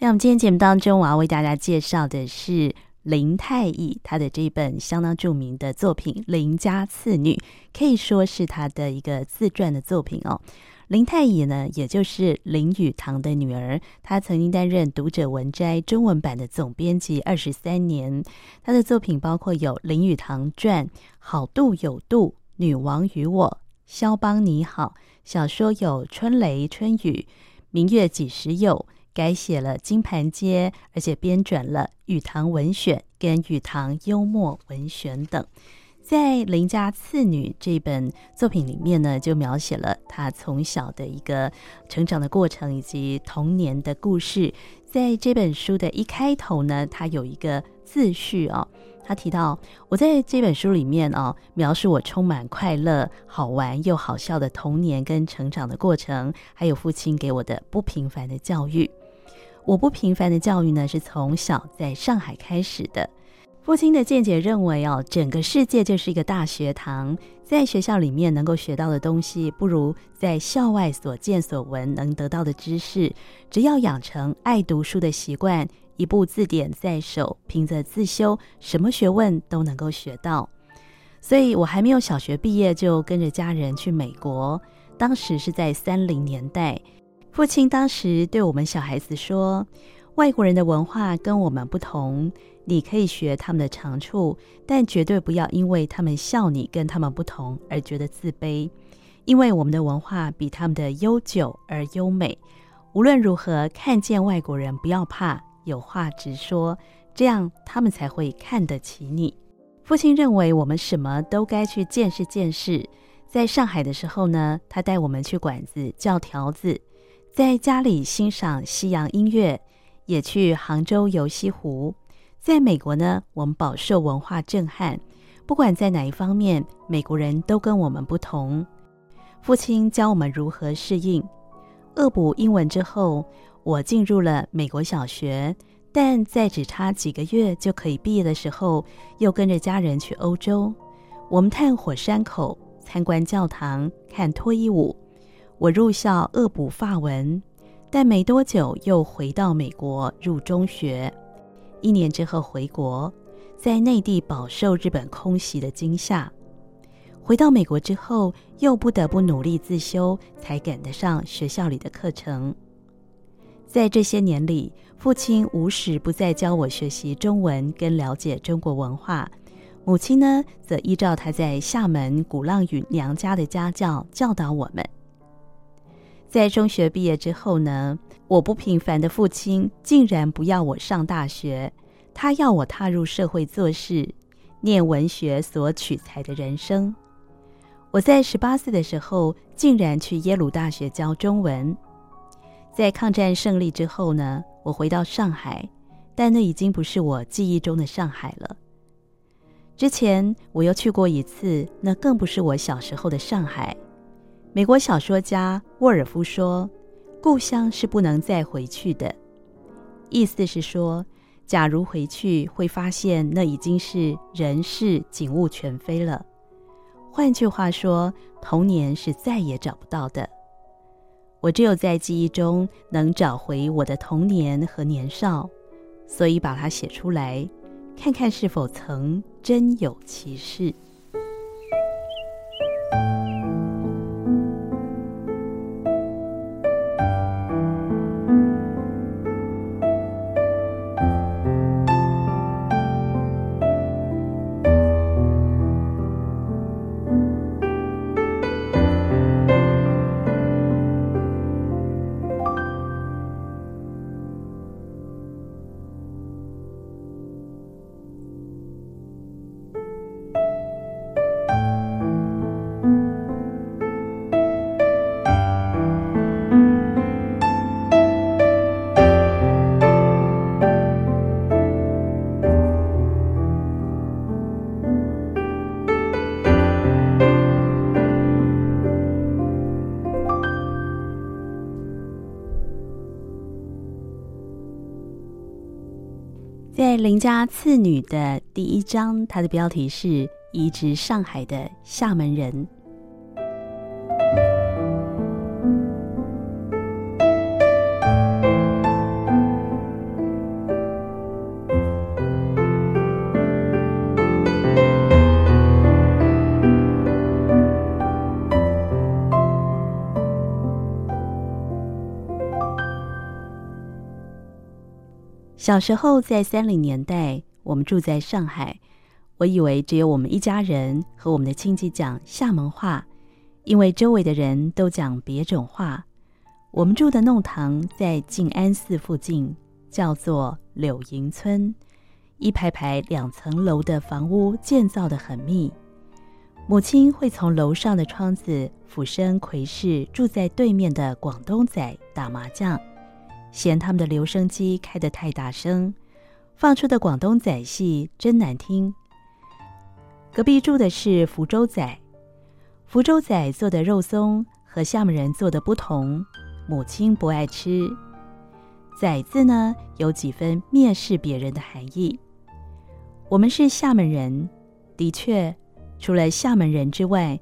在我們今天節目當中，我要為大家介紹的是林太乙，他的這一本相當著名的作品《林家次女》，可以說是他的一個自傳的作品哦。林太乙呢，也就是林語堂的女兒，她曾經擔任《讀者文摘》中文版的總編輯二十三年。她的作品包括有《林語堂傳》《好度有度》《女王與我》《蕭邦你好》小說有《春雷》《春雨》《明月幾時有》。改寫了《金盤街》，而且編撰了《語堂文選》跟《語堂幽默文選》等。在《林家次女》這本作品裡面呢，就描寫了她從小的一個成長的過程以及童年的故事。在這本書的一開頭呢，她有一個自序哦，她提到我在這本書裡面哦，描述我充滿快樂、好玩又好笑的童年跟成長的過程，還有父親給我的不平凡的教育。我不平凡的教育呢，是從小在上海開始的。父親的見解認為哦，整個世界就是一個大學堂，在學校裡面能夠學到的東西，不如在校外所見所聞能得到的知識。只要養成愛讀書的習慣，一部字典在手，憑着自修，什麼學問都能夠學到。所以我還沒有小學畢業，就跟着家人去美國。當時是在三零年代。父親當時對我們小孩子說：“外國人的文化跟我們不同，你可以學他們的長處，但絕對不要因為他們笑你跟他們不同而覺得自卑。因為我們的文化比他們的悠久而優美。無論如何，看見外國人不要怕，有話直說，這樣他們才會看得起你。”父親認為我們什麼都該去見識見識。在上海的時候呢，他帶我們去館子叫條子。在家裡欣賞西洋音樂，也去杭州遊西湖。在美國呢，我們飽受文化震撼，不管在哪一方面，美國人都跟我們不同。父親教我們如何適應，惡補英文之後，我進入了美國小學，但在只差幾個月就可以畢業的時候，又跟着家人去歐洲。我們探火山口，參觀教堂，看脫衣舞。我入校惡補法文，但沒多久又回到美國入中學。一年之後回國，在內地飽受日本空襲的驚嚇。回到美國之後，又不得不努力自修，才趕得上學校裡的課程。在這些年裡，父親無時不在教我學習中文跟了解中國文化，母親呢，則依照她在廈門鼓浪嶼娘家的家教教教導我們。在中學畢業之後呢，我不平凡的父親竟然不要我上大學，他要我踏入社會做事，念文學所取材的人生。我在十八歲的時候，竟然去耶魯大學教中文。在抗戰勝利之後呢，我回到上海，但那已經不是我記憶中的上海了。之前我又去過一次，那更不是我小時候的上海。美國小說家沃爾夫說：“故鄉是不能再回去的。”意思是說，假如回去，會發現那已經是人事景物全非了。換句話說，童年是再也找不到的。我只有在記憶中能找回我的童年和年少，所以把它寫出來，看看是否曾真有其事。嗯林家次女的第一章，它的標題是《移植上海的廈門人》。小時候在三零年代，我們住在上海。我以為只有我們一家人和我們的親戚講廈門話，因為周圍的人都講別種話。我們住的弄堂在靜安寺附近，叫做柳營村。一排排兩層樓的房屋建造得很密，母親會從樓上的窗子俯身窺視住在對面的廣東仔打麻將。嫌他們的留聲機開得太大聲，放出的廣東仔戲真難聽。隔壁住的是福州仔，福州仔做的肉鬆和廈門人做的不同，母親不愛吃。仔字呢，有幾分蔑視別人的含義。我們是廈門人，的確，除了廈門人之外，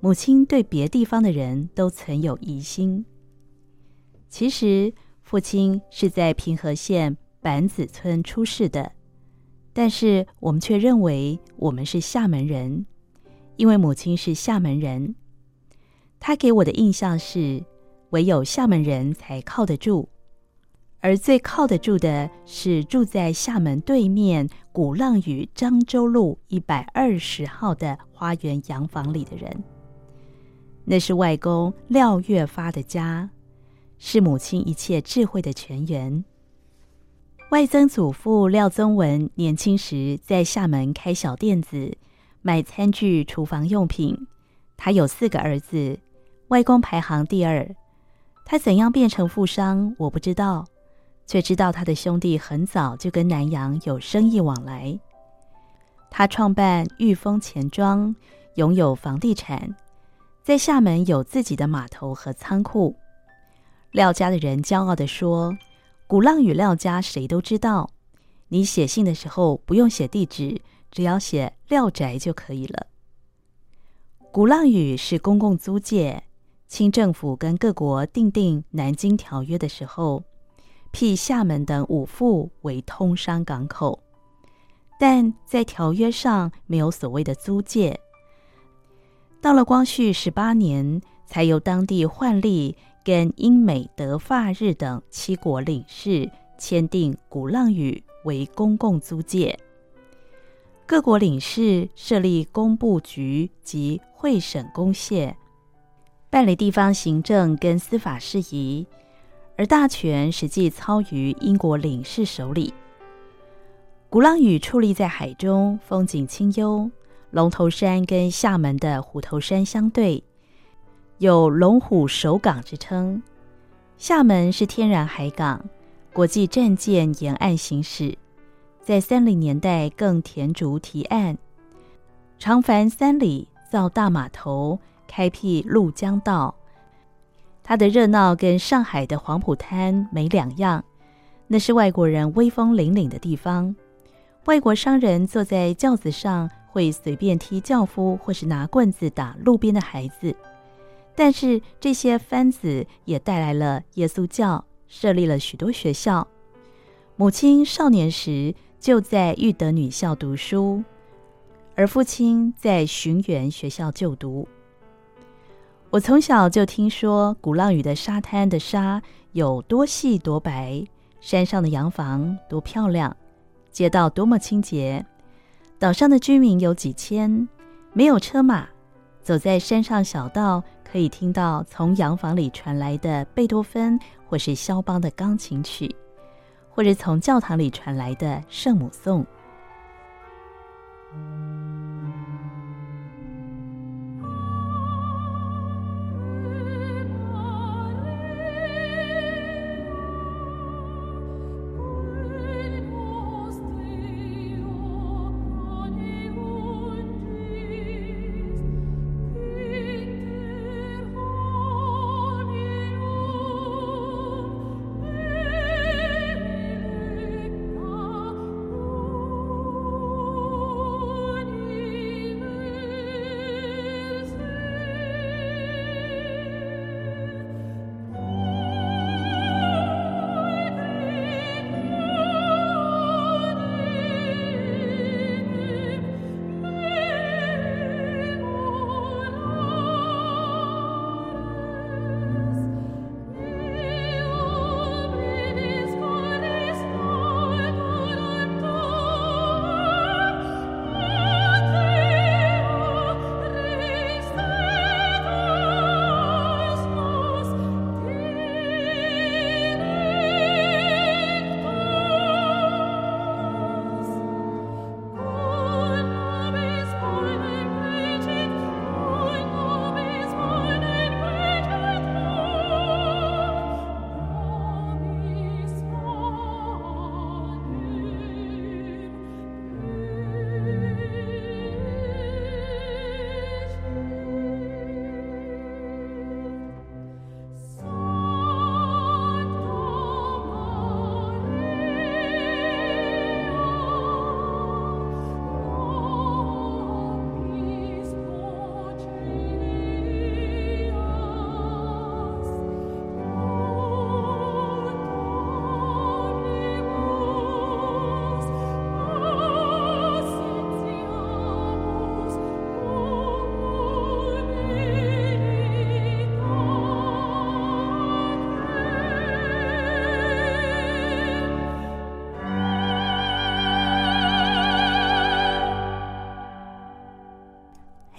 母親對別地方的人都存有疑心。其實，父親是在平和縣坂仔村出世的，但是我們卻認為我們是廈門人，因為母親是廈門人。她給我的印象是，唯有廈門人才靠得住，而最靠得住的是住在廈門對面鼓浪嶼漳州路一百二十號的花園洋房裡的人，那是外公廖悅發的家。是母親一切智慧的泉源。外曾祖父廖宗文年輕時在廈門開小店子，買餐具、廚房用品。他有四個兒子，外公排行第二。他怎樣變成富商，我不知道，卻知道他的兄弟很早就跟南洋有生意往來。他創辦裕豐錢莊，擁有房地產，在廈門有自己的碼頭和倉庫。廖家的人驕傲地說：“鼓浪嶼廖家誰都知道。你寫信的時候不用寫地址，只要寫廖宅就可以了。”鼓浪嶼是公共租界，清政府跟各國訂定《南京條約》的時候，闢廈門等五埠為通商港口，但在條約上沒有所謂的租界。到了光緒十八年，才由當地換利跟英美德法日等七國領事簽訂《鼓浪嶼為公共租界》，各國領事設立工部局及會審公廨，辦理地方行政跟司法事宜，而大權實際操於英國領事手裡。鼓浪嶼矗立在海中，風景清幽，龍頭山跟廈門的虎頭山相對。.有龍虎首港之稱，廈門是天然海港，國際戰艦沿岸行駛。在三零年代，更填竹堤岸，長凡三里，造大碼頭，開闢鷺江道。它的熱鬧跟上海的黃浦灘沒兩樣，那是外國人威風凜凜的地方。外國商人坐在轎子上，會隨便踢轎夫，或是拿棍子打路邊的孩子。但是這些番子也帶來了耶穌教，設立了許多學校。母親少年時就在育德女校讀書，而父親在尋源學校就讀。我從小就聽說鼓浪嶼的沙灘的沙有多細多白，山上的洋房多漂亮，街道多麼清潔，島上的居民有幾千，沒有車馬，走在山上小道。可以聽到從洋房裡傳來的貝多芬或是肖邦的鋼琴曲，或者從教堂裡傳來的聖母頌。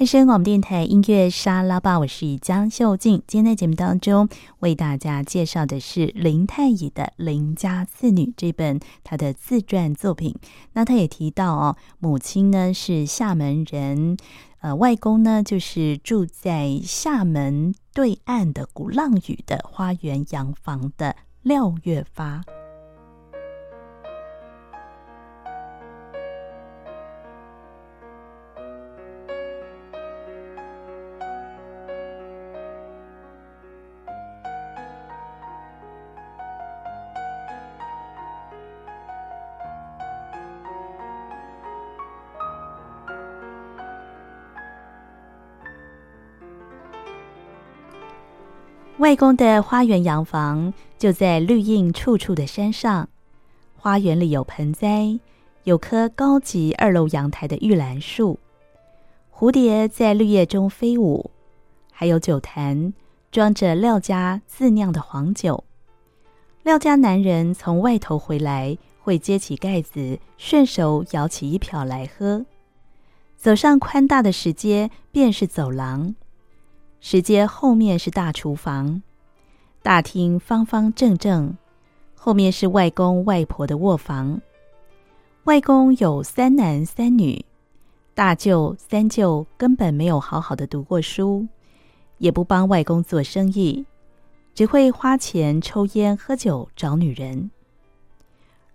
民生廣播電台音樂沙拉吧，我是江秀靜。今天在節目當中，為大家介紹的是林太乙的《林家次女》這本她的自傳作品。那她也提到哦，母親呢是廈門人，呃，外公呢就是住在廈門對岸的鼓浪嶼的花園洋房的廖月發。外公的花園洋房就在綠蔭處處的山上，花園裡有盆栽，有棵高級二樓陽台的玉蘭樹，蝴蝶在綠葉中飛舞，還有酒罈裝着廖家自釀的黃酒。廖家男人從外頭回來，會揭起蓋子，順手舀起一瓢來喝。走上寬大的石階，便是走廊。石階後面是大廚房，大廳方方正正，後面是外公外婆的臥房。外公有三男三女，大舅、三舅根本沒有好好的讀過書，也不幫外公做生意，只會花錢抽菸喝酒找女人。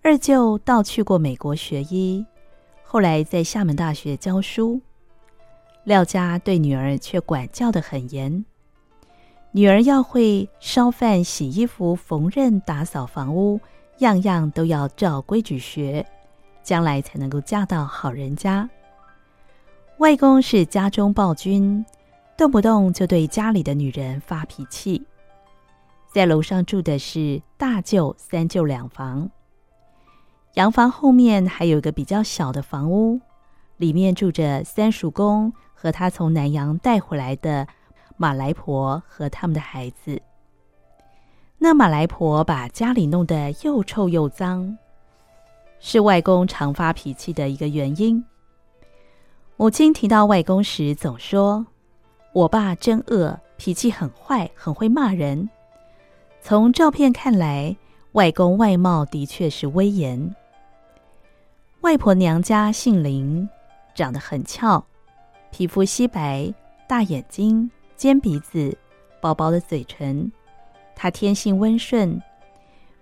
二舅倒去過美國學醫，後來在廈門大學教書。廖家對女兒卻管教得很嚴，女兒要會燒飯、洗衣服、縫紉、打掃房屋，樣樣都要照規矩學，將來才能夠嫁到好人家。外公是家中暴君，動不動就對家裡的女人發脾氣。在樓上住的是大舅、三舅兩房，洋房後面還有一個比較小的房屋，裡面住着三叔公。和他從南洋帶回來的馬來婆和他們的孩子。那馬來婆把家裡弄得又臭又髒，是外公常發脾氣的一個原因。母親提到外公時，總說：“我爸真惡，脾氣很壞，很會罵人。”從照片看來，外公外貌的確是威嚴。外婆娘家姓林，長得很俏。皮膚皙白，大眼睛，尖鼻子，薄薄的嘴唇。他天性溫順，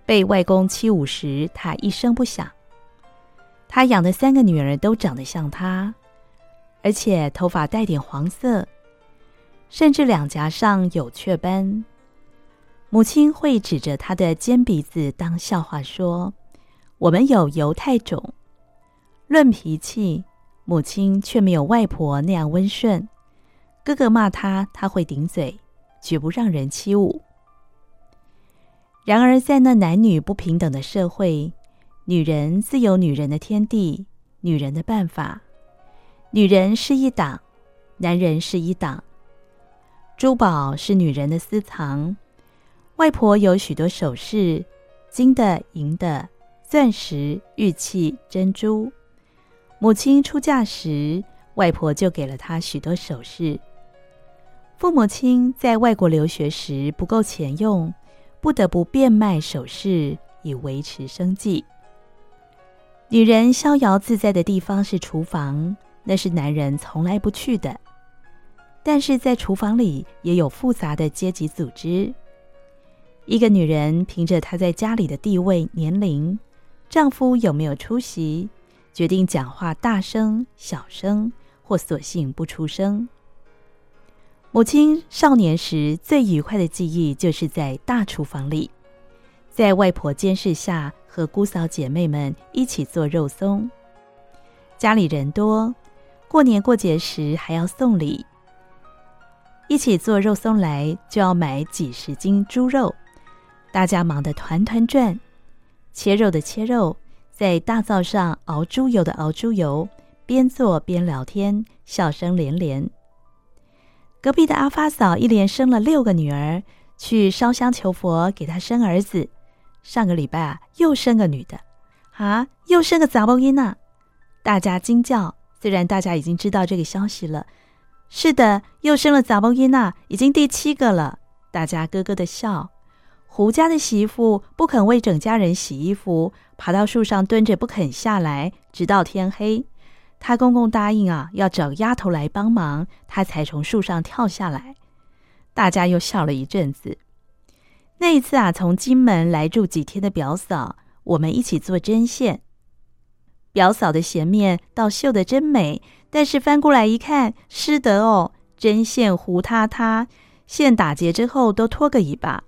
被外公欺侮時，他一聲不響。他養的三個女兒都長得像他，而且頭髮帶點黃色，甚至兩頰上有雀斑。母親會指着他的尖鼻子當笑話說：“我們有猶太種。”論脾氣，母親卻沒有外婆那樣溫順，哥哥罵她，她會頂嘴，絕不讓人欺侮。然而，在那男女不平等的社會，女人自有女人的天地，女人的辦法。女人是一黨，男人是一黨。珠寶是女人的私藏，外婆有許多首飾，金的、銀的、鑽石、玉器、珍珠。母親出嫁時，外婆就給了她許多首飾。父母親在外國留學時不夠錢用，不得不變賣首飾以維持生計。女人逍遙自在的地方是廚房，那是男人從來不去的。但是在廚房裡也有複雜的階級組織。一個女人憑着她在家裡的地位、年齡、丈夫有沒有出息，決定講話大聲、小聲，或索性不出聲。母親少年時最愉快的記憶，就是在大廚房裡，在外婆監視下和姑嫂姐妹們一起做肉鬆。家裡人多，過年過節時還要送禮，一起做肉鬆來就要買幾十斤豬肉，大家忙得團團轉，切肉的切肉。在大灶上熬豬油的熬豬油，邊做邊聊天，笑聲連連。隔壁的阿發嫂一連生了六個女兒，去燒香求佛給她生兒子。上個禮拜啊，又生個女的，啊，又生個雜包耶娜，大家驚叫。雖然大家已經知道這個消息了，是的，又生了雜包耶娜，已經第七個了，大家咯咯的笑。胡家的媳婦不肯為整家人洗衣服。爬到樹上蹲着不肯下來，直到天黑。他公公答應啊，要找丫頭來幫忙，他才從樹上跳下來。大家又笑了一陣子。那一次啊，從金門來住幾天的表嫂，我們一起做針線。表嫂的鞋面倒繡得真美，但是翻過來一看，濕的哦，針線糊塌塌，線打結之後都拖個尾巴。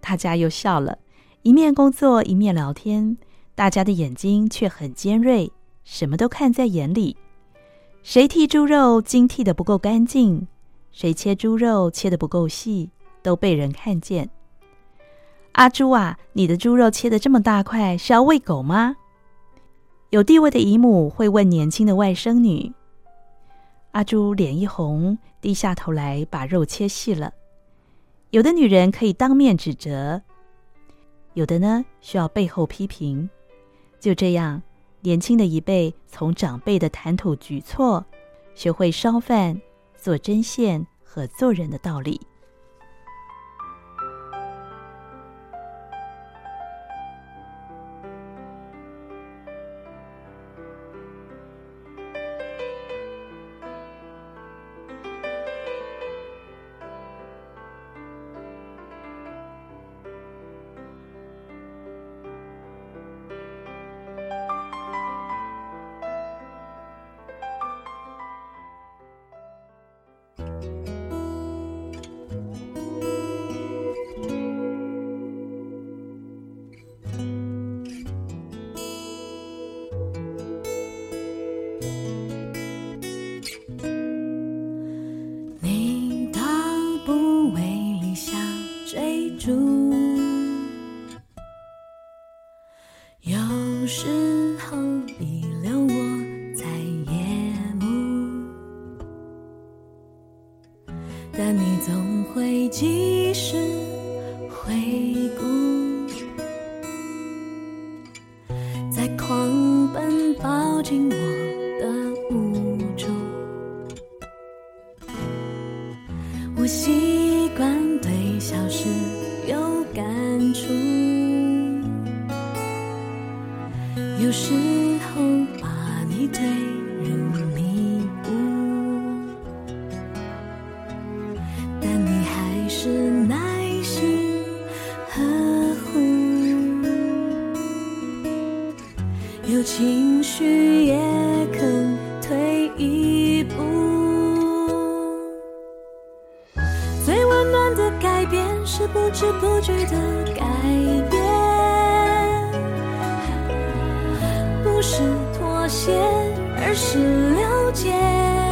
大家又笑了，一面工作一面聊天。大家的眼睛卻很尖銳，什麼都看在眼裡。誰剔豬肉精剔得不夠乾淨，誰切豬肉切得不夠細，都被人看見。阿朱啊，你的豬肉切得這麼大塊，是要餵狗嗎？有地位的姨母會問年輕的外甥女。阿朱臉一紅，低下頭來把肉切細了。有的女人可以當面指責，有的呢，需要背後批評。就這樣，年輕的一輩從長輩的談吐舉措，學會燒飯、做針線和做人的道理。情緒也肯退一步，最溫暖的改變是不知不覺的改變，不是妥協，而是了解。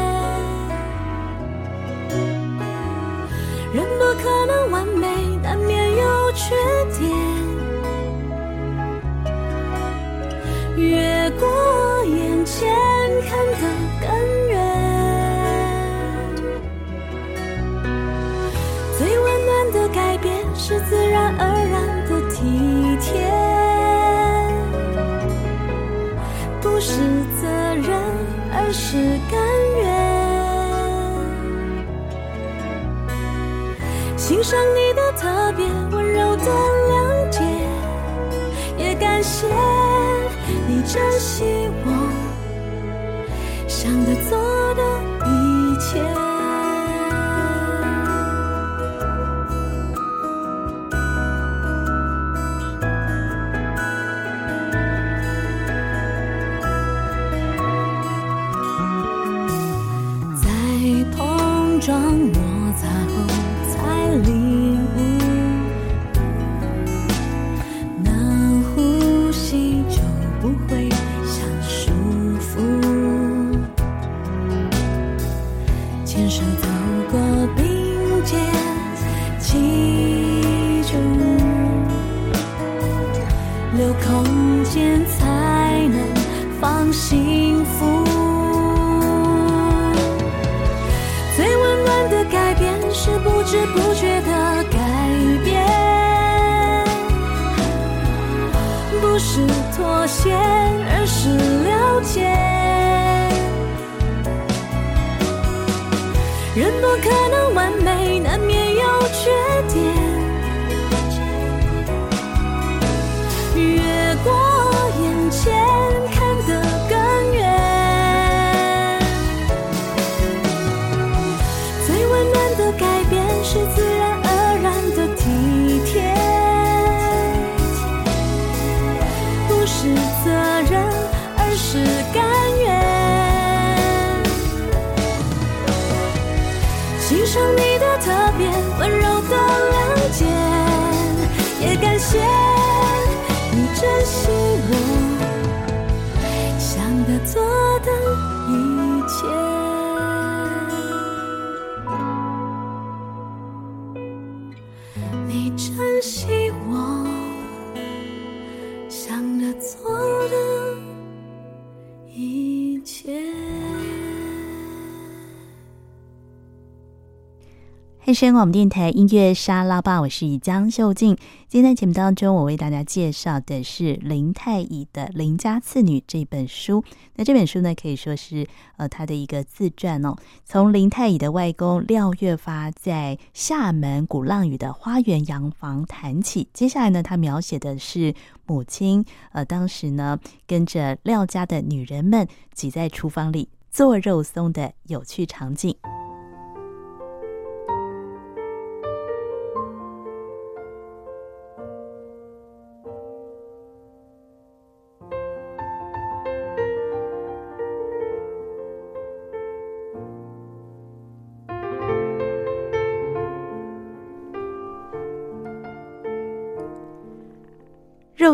我們電台音樂沙拉吧，我是江秀靜。今天在節目當中，我為大家介紹的是林太乙的《林家次女》這一本書。那這本書呢，可以說是呃，他的一個自傳哦。從林太乙的外公廖月發在廈門鼓浪嶼的花園洋房談起，接下來呢，他描寫的是母親呃，當時呢，跟着廖家的女人們擠在廚房裡做肉鬆的有趣場景。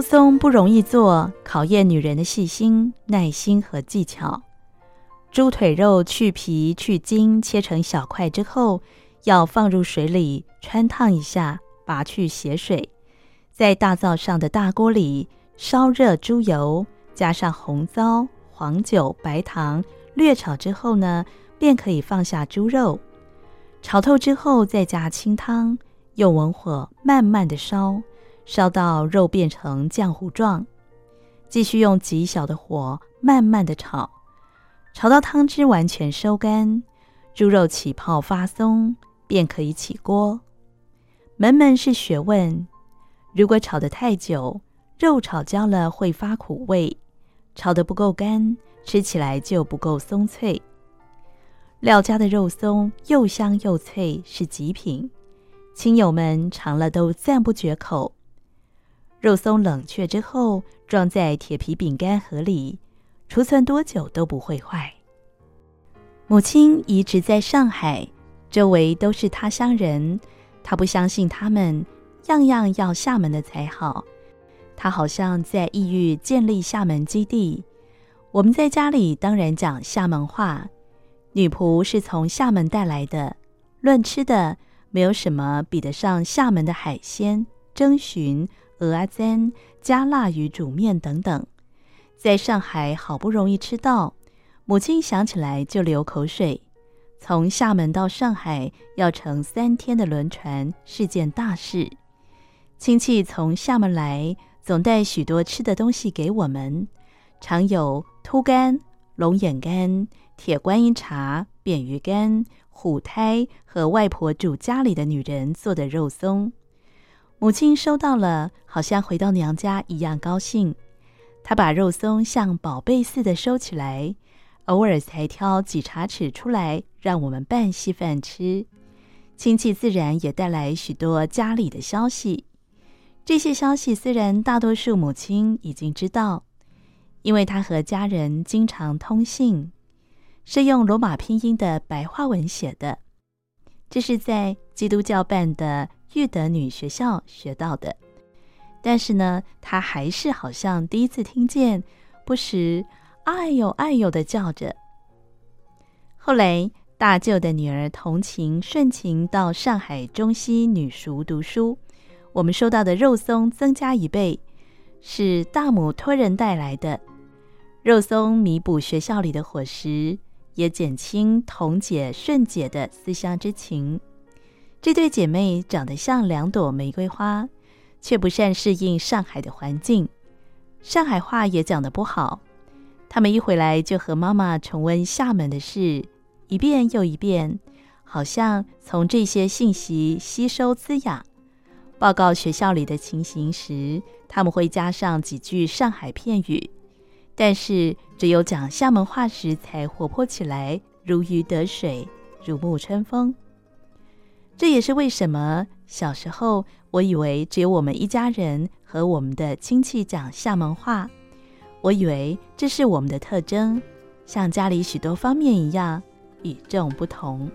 肉鬆不容易做，考驗女人的細心、耐心和技巧。豬腿肉，去皮、去筋，切成小塊之後，要放入水裡汆燙一下，拔去血水。在大灶上的大鍋裡燒熱豬油，加上紅糟、黃酒、白糖，略炒之後呢，便可以放下豬肉，炒透之後再加清湯，用文火慢慢的燒。燒到肉變成漿糊狀，繼續用極小的火慢慢地炒，炒到湯汁完全收乾，豬肉起泡發鬆，便可以起鍋。門門是學問，如果炒得太久，肉炒焦了會發苦味；炒得不夠乾，吃起來就不夠鬆脆。廖家的肉鬆又香又脆，是極品，親友們嘗了都讚不絕口。肉鬆冷卻之後，裝在鐵皮餅乾盒裡，儲存多久都不會壞。母親一直在上海，周圍都是他鄉人，他不相信他們，樣樣要廈門的才好。他好像在異域建立廈門基地。我們在家裡當然講廈門話。女僕是從廈門帶來的。論吃的，沒有什麼比得上廈門的海鮮、蒸蟳。蚵仔煎、加辣魚煮麵等等，在上海好不容易吃到，母親想起來就流口水。從廈門到上海要乘三天的輪船，是件大事。親戚從廈門來，總帶許多吃的東西給我們，常有禿乾、龍眼乾、鐵觀音茶、扁魚乾、虎胎和外婆住家裡的女人做的肉鬆。母親收到了，好像回到娘家一樣高興。她把肉鬆像寶貝似的收起來，偶爾才挑幾茶匙出來讓我們拌稀飯吃。親戚自然也帶來許多家裡的消息。這些消息雖然大多數母親已經知道，因為她和家人經常通信，是用羅馬拼音的白話文寫的。這是在基督教辦的育德女學校學到的，但是呢，她還是好像第一次聽見，不時“哎呦哎呦”的叫着。後來，大舅的女兒同琴順琴到上海中西女塾讀書，我們收到的肉鬆增加一倍，是大母托人帶來的肉鬆，彌補學校裡的伙食，也減輕童姐順姐的思鄉之情。這對姐妹長得像兩朵玫瑰花，卻不善適應上海的環境，上海話也講得不好。她們一回來就和媽媽重溫廈門的事，一遍又一遍，好像從這些信息吸收滋養。報告學校裡的情形時，他們會加上幾句上海片語，但是只有講廈門話時才活潑起來，如魚得水，如沐春風。這也是為什麼小時候，我以為只有我們一家人和我們的親戚講廈門話，我以為這是我們的特徵，像家裡許多方面一樣與眾不同。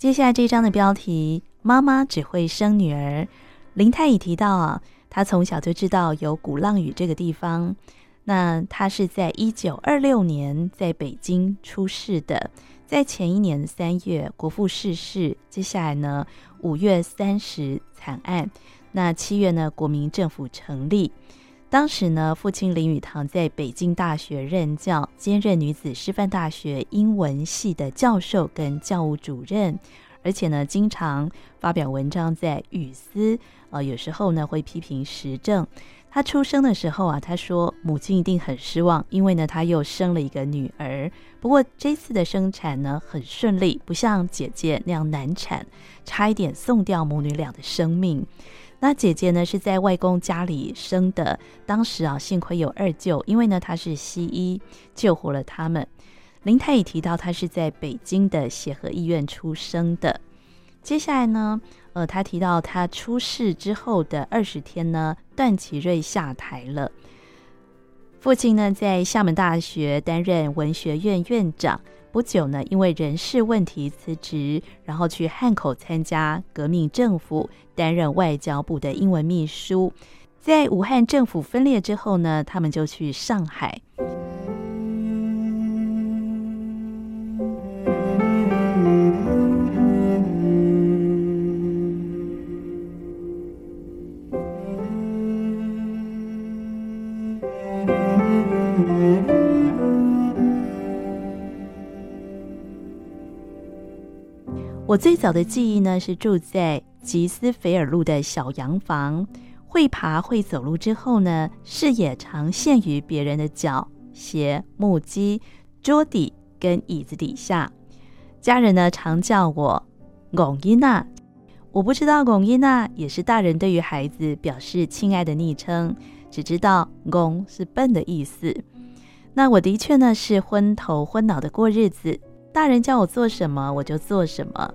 接下來這一章的標題《媽媽只會生女兒》，林太乙提到啊，他從小就知道有鼓浪嶼這個地方。那他是在一九二六年在北京出世的，在前一年三月國父逝世，世，接下來呢五月三十慘案，那七月呢國民政府成立。當時呢，父親林語堂在北京大學任教，兼任女子師範大學英文系的教授跟教務主任，而且呢，經常發表文章在《語絲》。呃，有時候呢，會批評時政。她出生的時候啊，她說母親一定很失望，因為呢，她又生了一個女兒。不過這次的生產呢，很順利，不像姐姐那樣難產，差一點送掉母女倆的生命。那姐姐呢，是在外公家裡生的。當時啊，幸虧有二舅，因為呢，他是西醫，救活了他們。林太乙提到，他是在北京的協和醫院出生的。接下來呢，呃，他提到他出世之後的二十天呢，段祺瑞下台了。父親呢，在廈門大學擔任文學院院長。不久呢，因為人事問題辭職，然後去漢口參加革命政府，擔任外交部的英文秘書。在武漢政府分裂之後呢，他們就去上海。我最早的記憶呢，是住在吉斯菲爾路的小洋房。會爬會走路之後呢，視野常限於別人的腳、鞋、木屐、桌底跟椅子底下。家人呢，常叫我“龔伊娜”。我不知道“龔伊娜”也是大人對於孩子表示親愛的昵稱，只知道“龔”是笨的意思。那我的確呢，是昏頭昏腦的過日子。大人叫我做什麼，我就做什麼。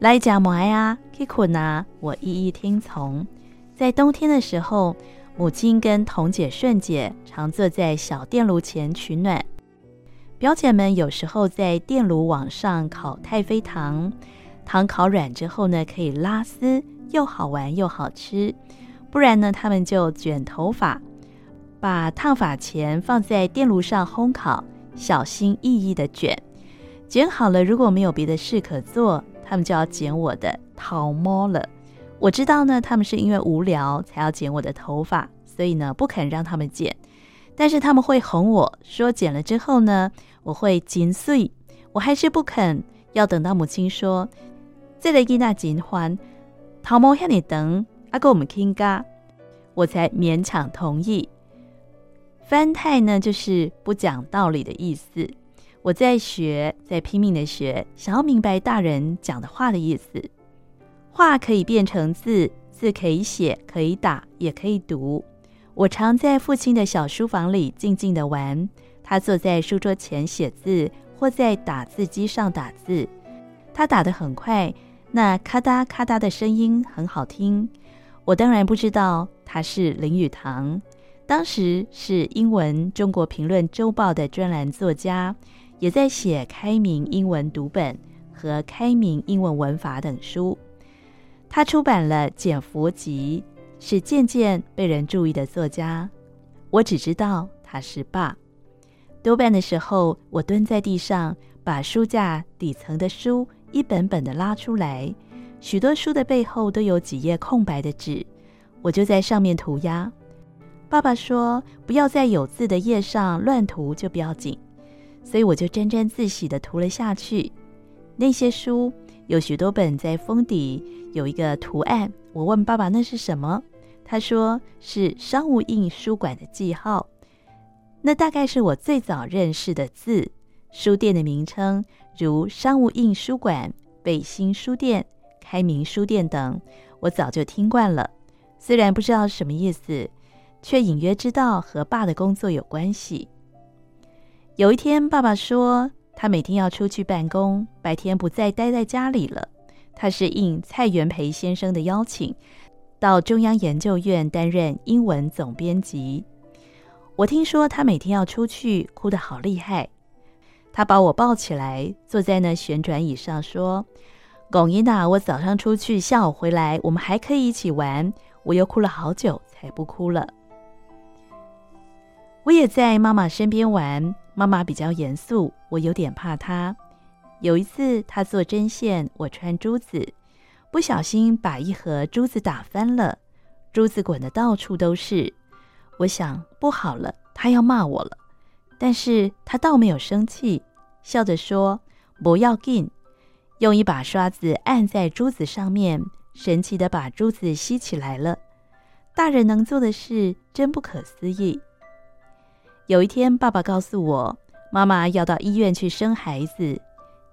來夾饃呀，可以綑呢，我一一聽從。在冬天的時候，母親跟彤姐、順姐常坐在小電爐前取暖。表姐們有時候在電爐網上烤太妃糖，糖烤軟之後呢，可以拉絲，又好玩又好吃。不然呢，她們就捲頭髮，把燙髮鉗放在電爐上烘烤，小心翼翼的捲。剪好了，如果沒有別的事可做，他們就要剪我的頭毛了。我知道呢，他們是因為無聊才要剪我的頭髮，所以呢，不肯讓他們剪。但是他們會哄我說，剪了之後呢，我會剪碎。我還是不肯，要等到母親說：“再來，囡仔剪歡，頭毛向你等，阿哥我們聽噶。”我才勉強同意。翻太呢，就是不講道理的意思。我在學，在拼命地學，想要明白大人講的話的意思。話可以變成字，字可以寫，可以打，也可以讀。我常在父親的小書房裡靜靜地玩，他坐在書桌前寫字，或在打字機上打字。他打得很快，那咔嗒咔嗒的聲音很好聽。我當然不知道他是林語堂，當時是英文《中國評論周報》的專欄作家。也在寫《開明英文讀本》和《開明英文文法》等書。他出版了《剪拂集》，是漸漸被人注意的作家。我只知道他是爸。多半的時候，我蹲在地上，把書架底層的書一本本的拉出來。許多書的背後都有幾頁空白的紙，我就在上面塗鴉。爸爸說：“不要在有字的頁上亂塗，就不要緊。”所以我就沾沾自喜地讀了下去。那些書有許多本在封底有一個圖案，我問爸爸那是什麼，他說是商務印書館的記號。那大概是我最早認識的字，書店的名稱，如商務印書館、北新書店、開明書店等，我早就聽慣了，雖然不知道什麼意思，卻隱約知道和爸的工作有關係。有一天，爸爸說他每天要出去辦公，白天不再待在家裡了。他是應蔡元培先生的邀請，到中央研究院擔任英文總編輯。我聽說他每天要出去，哭得好厲害。他把我抱起來，坐在那旋轉椅上說：“鞏伊娜，我早上出去，下午回來，我們還可以一起玩。”我又哭了好久才不哭了。我也在媽媽身邊玩。媽媽比較嚴肅，我有點怕她。有一次，她做針線，我穿珠子，不小心把一盒珠子打翻了，珠子滾得到處都是。我想，不好了，她要罵我了。但是她倒沒有生氣，笑着說：“不要緊，用一把刷子按在珠子上面，神奇地把珠子吸起來了。”大人能做的事，真不可思議。有一天，爸爸告訴我，媽媽要到醫院去生孩子。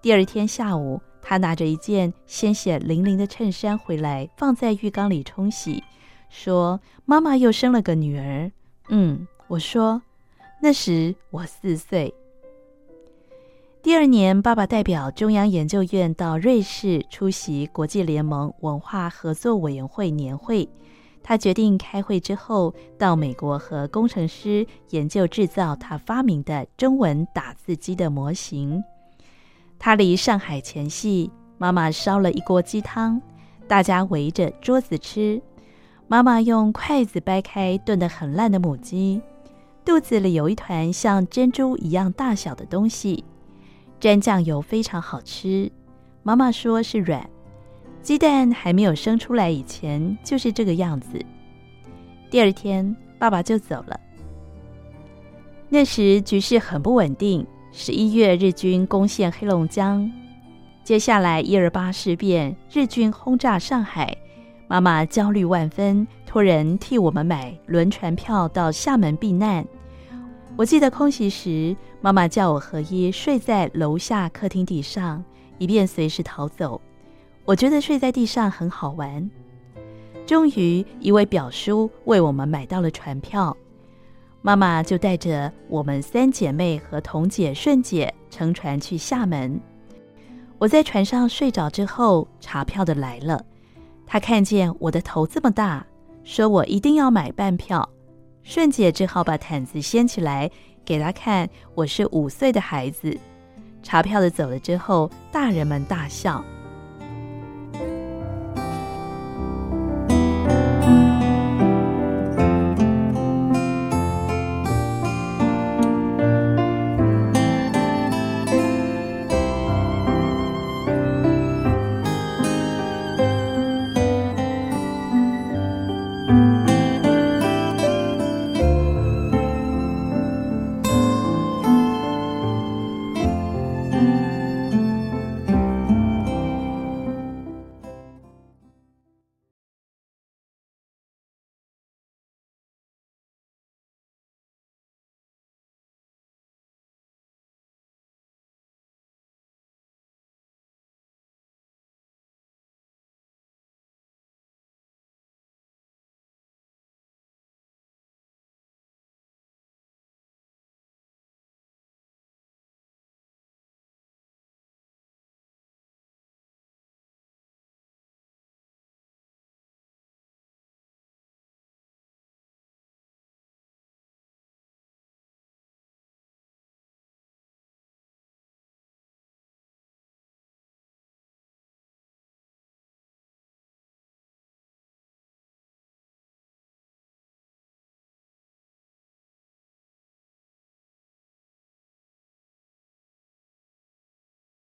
第二天下午，他拿着一件鮮血淋淋的襯衫回來，放在浴缸裡沖洗，說：“媽媽又生了個女兒。”嗯，我說，那時我四歲。第二年，爸爸代表中央研究院到瑞士出席國際聯盟文化合作委員會年會。他決定開會之後到美國和工程師研究製造他發明的中文打字機的模型。他離上海前夕，媽媽燒了一鍋雞湯，大家圍着桌子吃。媽媽用筷子掰開燉得很爛的母雞，肚子裡有一團像珍珠一樣大小的東西，蘸醬油非常好吃。媽媽說是軟。雞蛋還沒有生出來以前就是這個樣子。第二天，爸爸就走了。那時局勢很不穩定。十一月，日軍攻陷黑龍江，接下來一二八事變，日軍轟炸上海。媽媽焦慮萬分，托人替我們買輪船票到廈門避難。我記得空襲時，媽媽叫我和一睡在樓下客廳地上，以便隨時逃走。我覺得睡在地上很好玩。終於，一位表叔為我們買到了船票，媽媽就帶着我們三姐妹和同姐順姐乘船去廈門。我在船上睡着之後，查票的來了，他看見我的頭這麼大，說我一定要買半票。順姐只好把毯子掀起來給他看，我是五歲的孩子。查票的走了之後，大人們大笑。